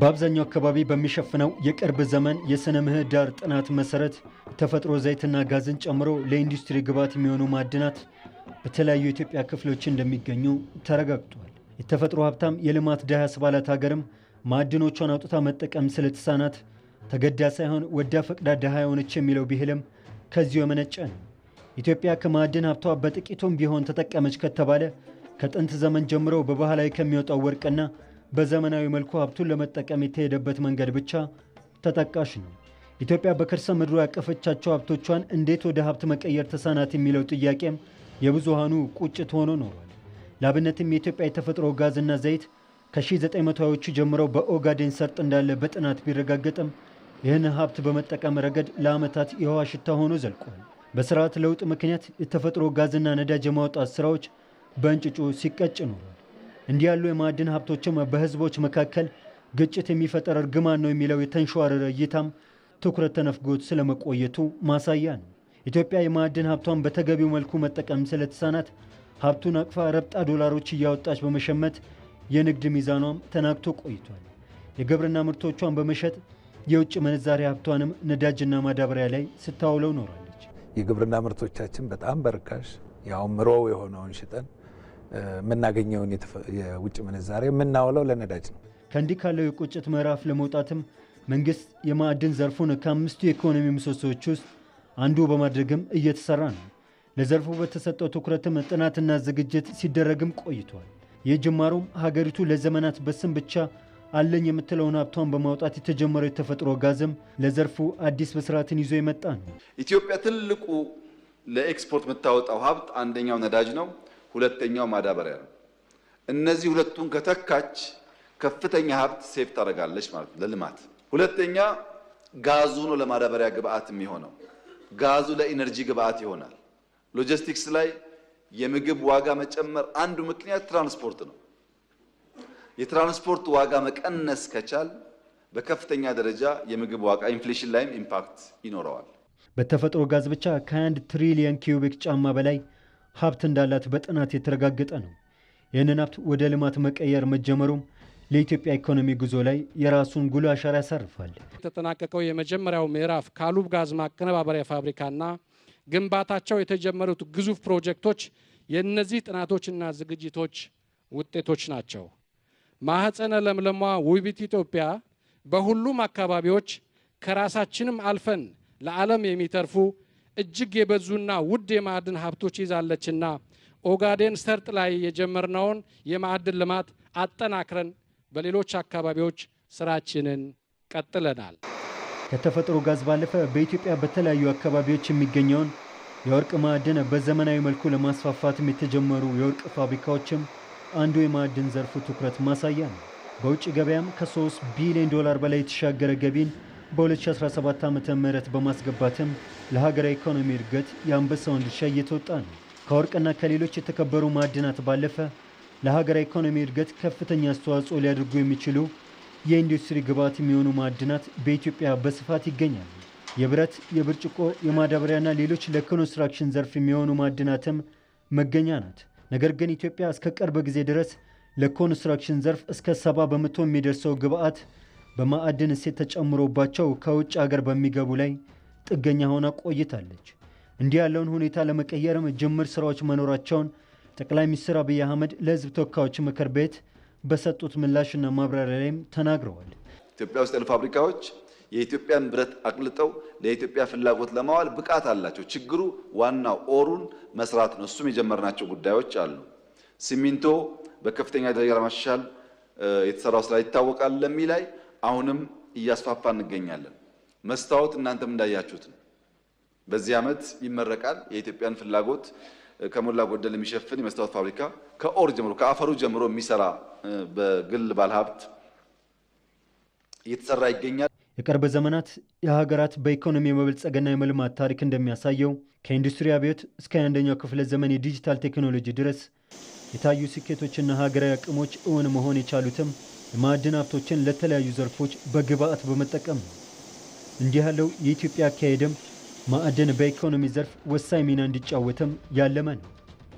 በአብዛኛው አካባቢ በሚሸፍነው የቅርብ ዘመን የሥነ ምህዳር ጥናት መሠረት ተፈጥሮ ዘይትና ጋዝን ጨምሮ ለኢንዱስትሪ ግብዓት የሚሆኑ ማዕድናት በተለያዩ የኢትዮጵያ ክፍሎች እንደሚገኙ ተረጋግጧል። የተፈጥሮ ሀብታም የልማት ድሃ ስባላት ሀገርም ማዕድኖቿን አውጥታ መጠቀም ስለተሳናት ተገዳ ሳይሆን ወዳ ፈቅዳ ድሃ የሆነች የሚለው ብሂልም ከዚሁ የመነጨ ነው። ኢትዮጵያ ከማዕድን ሀብቷ በጥቂቱም ቢሆን ተጠቀመች ከተባለ ከጥንት ዘመን ጀምሮ በባህላዊ ከሚወጣው ወርቅና በዘመናዊ መልኩ ሀብቱን ለመጠቀም የተሄደበት መንገድ ብቻ ተጠቃሽ ነው። ኢትዮጵያ በከርሰ ምድሩ ያቀፈቻቸው ሀብቶቿን እንዴት ወደ ሀብት መቀየር ተሳናት የሚለው ጥያቄም የብዙሃኑ ቁጭት ሆኖ ኖሯል። ለአብነትም የኢትዮጵያ የተፈጥሮ ጋዝና ዘይት ከ1920ዎቹ ጀምረው በኦጋዴን ሰርጥ እንዳለ በጥናት ቢረጋገጥም ይህን ሀብት በመጠቀም ረገድ ለዓመታት የውሃ ሽታ ሆኖ ዘልቋል። በስርዓት ለውጥ ምክንያት የተፈጥሮ ጋዝና ነዳጅ የማውጣት ስራዎች በእንጭጩ ሲቀጭ ኖሯል። እንዲህ ያሉ የማዕድን ሀብቶችም በህዝቦች መካከል ግጭት የሚፈጠር እርግማን ነው የሚለው የተንሸዋረረ እይታም ትኩረት ተነፍጎት ስለመቆየቱ ማሳያ ነው። ኢትዮጵያ የማዕድን ሀብቷን በተገቢው መልኩ መጠቀም ስለተሳናት ሀብቱን አቅፋ ረብጣ ዶላሮች እያወጣች በመሸመት የንግድ ሚዛኗም ተናግቶ ቆይቷል። የግብርና ምርቶቿን በመሸጥ የውጭ ምንዛሪ ሀብቷንም ነዳጅና ማዳበሪያ ላይ ስታውለው ኖራለች። የግብርና ምርቶቻችን በጣም በርካሽ ያውም ሮው የሆነውን ሽጠን የምናገኘውን የውጭ ምንዛሬ የምናውለው ለነዳጅ ነው። ከእንዲህ ካለው የቁጭት ምዕራፍ ለመውጣትም መንግስት የማዕድን ዘርፉን ከአምስቱ የኢኮኖሚ ምሰሶዎች ውስጥ አንዱ በማድረግም እየተሰራ ነው። ለዘርፉ በተሰጠው ትኩረትም ጥናትና ዝግጅት ሲደረግም ቆይቷል። ይህ ጅማሮም ሀገሪቱ ለዘመናት በስም ብቻ አለኝ የምትለውን ሀብቷን በማውጣት የተጀመረው የተፈጥሮ ጋዝም ለዘርፉ አዲስ ብስራትን ይዞ የመጣ ነው። ኢትዮጵያ ትልቁ ለኤክስፖርት የምታወጣው ሀብት አንደኛው ነዳጅ ነው። ሁለተኛው ማዳበሪያ ነው። እነዚህ ሁለቱን ከተካች ከፍተኛ ሀብት ሴፍ ታደርጋለች ማለት ነው ለልማት። ሁለተኛ ጋዙ ነው ለማዳበሪያ ግብአት የሚሆነው። ጋዙ ለኢነርጂ ግብአት ይሆናል። ሎጂስቲክስ ላይ የምግብ ዋጋ መጨመር አንዱ ምክንያት ትራንስፖርት ነው። የትራንስፖርት ዋጋ መቀነስ ከቻል በከፍተኛ ደረጃ የምግብ ዋጋ ኢንፍሌሽን ላይም ኢምፓክት ይኖረዋል። በተፈጥሮ ጋዝ ብቻ ከአንድ ትሪሊየን ኪዩቢክ ጫማ በላይ ሀብት እንዳላት በጥናት የተረጋገጠ ነው። ይህንን ሀብት ወደ ልማት መቀየር መጀመሩም ለኢትዮጵያ ኢኮኖሚ ጉዞ ላይ የራሱን ጉልህ አሻራ ያሳርፋል። የተጠናቀቀው የመጀመሪያው ምዕራፍ ካሉብ ጋዝ ማቀነባበሪያ ፋብሪካና ግንባታቸው የተጀመሩት ግዙፍ ፕሮጀክቶች የእነዚህ ጥናቶችና ዝግጅቶች ውጤቶች ናቸው። ማህፀነ ለምለሟ ውቢት ኢትዮጵያ በሁሉም አካባቢዎች ከራሳችንም አልፈን ለዓለም የሚተርፉ እጅግ የበዙና ውድ የማዕድን ሀብቶች ይዛለችና ኦጋዴን ሰርጥ ላይ የጀመርነውን የማዕድን ልማት አጠናክረን በሌሎች አካባቢዎች ስራችንን ቀጥለናል። ከተፈጥሮ ጋዝ ባለፈ በኢትዮጵያ በተለያዩ አካባቢዎች የሚገኘውን የወርቅ ማዕድን በዘመናዊ መልኩ ለማስፋፋትም የተጀመሩ የወርቅ ፋብሪካዎችም አንዱ የማዕድን ዘርፉ ትኩረት ማሳያ ነው። በውጭ ገበያም ከ3 ቢሊዮን ዶላር በላይ የተሻገረ ገቢን በ2017 ዓ ም በማስገባትም ለሀገራዊ ኢኮኖሚ እድገት የአንበሳውን ድርሻ እየተወጣ ነው። ከወርቅና ከሌሎች የተከበሩ ማዕድናት ባለፈ ለሀገራዊ ኢኮኖሚ እድገት ከፍተኛ አስተዋጽኦ ሊያደርጉ የሚችሉ የኢንዱስትሪ ግብዓት የሚሆኑ ማዕድናት በኢትዮጵያ በስፋት ይገኛሉ። የብረት፣ የብርጭቆ፣ የማዳበሪያና ሌሎች ለኮንስትራክሽን ዘርፍ የሚሆኑ ማዕድናትም መገኛ ናት። ነገር ግን ኢትዮጵያ እስከ ቅርብ ጊዜ ድረስ ለኮንስትራክሽን ዘርፍ እስከ ሰባ በመቶ የሚደርሰው ግብዓት በማዕድን እሴት ተጨምሮባቸው ከውጭ ሀገር በሚገቡ ላይ ጥገኛ ሆና ቆይታለች። እንዲህ ያለውን ሁኔታ ለመቀየርም ጅምር ስራዎች መኖራቸውን ጠቅላይ ሚኒስትር አብይ አህመድ ለህዝብ ተወካዮች ምክር ቤት በሰጡት ምላሽና ማብራሪያ ላይም ተናግረዋል። ኢትዮጵያ ውስጥ ያሉ ፋብሪካዎች የኢትዮጵያን ብረት አቅልጠው ለኢትዮጵያ ፍላጎት ለማዋል ብቃት አላቸው። ችግሩ ዋናው ኦሩን መስራት ነው። እሱም የጀመርናቸው ጉዳዮች አሉ። ሲሚንቶ በከፍተኛ ደረጃ ለማሻሻል የተሰራው ስራ ይታወቃል። ለሚ ላይ አሁንም እያስፋፋ እንገኛለን። መስታወት እናንተም እንዳያችሁት ነው። በዚህ ዓመት ይመረቃል። የኢትዮጵያን ፍላጎት ከሞላ ጎደል የሚሸፍን የመስታወት ፋብሪካ ከኦር ጀምሮ ከአፈሩ ጀምሮ የሚሰራ በግል ባለሀብት እየተሰራ ይገኛል። የቅርብ ዘመናት የሀገራት በኢኮኖሚ የመበልጸገና የመልማት ታሪክ እንደሚያሳየው ከኢንዱስትሪ አብዮት እስከ አንደኛው ክፍለ ዘመን የዲጂታል ቴክኖሎጂ ድረስ የታዩ ስኬቶችና ሀገራዊ አቅሞች እውን መሆን የቻሉትም የማዕድን ሀብቶችን ለተለያዩ ዘርፎች በግብአት በመጠቀም ነው። እንዲህ ያለው የኢትዮጵያ አካሄድም ማዕድን በኢኮኖሚ ዘርፍ ወሳኝ ሚና እንዲጫወትም ያለመ ነው።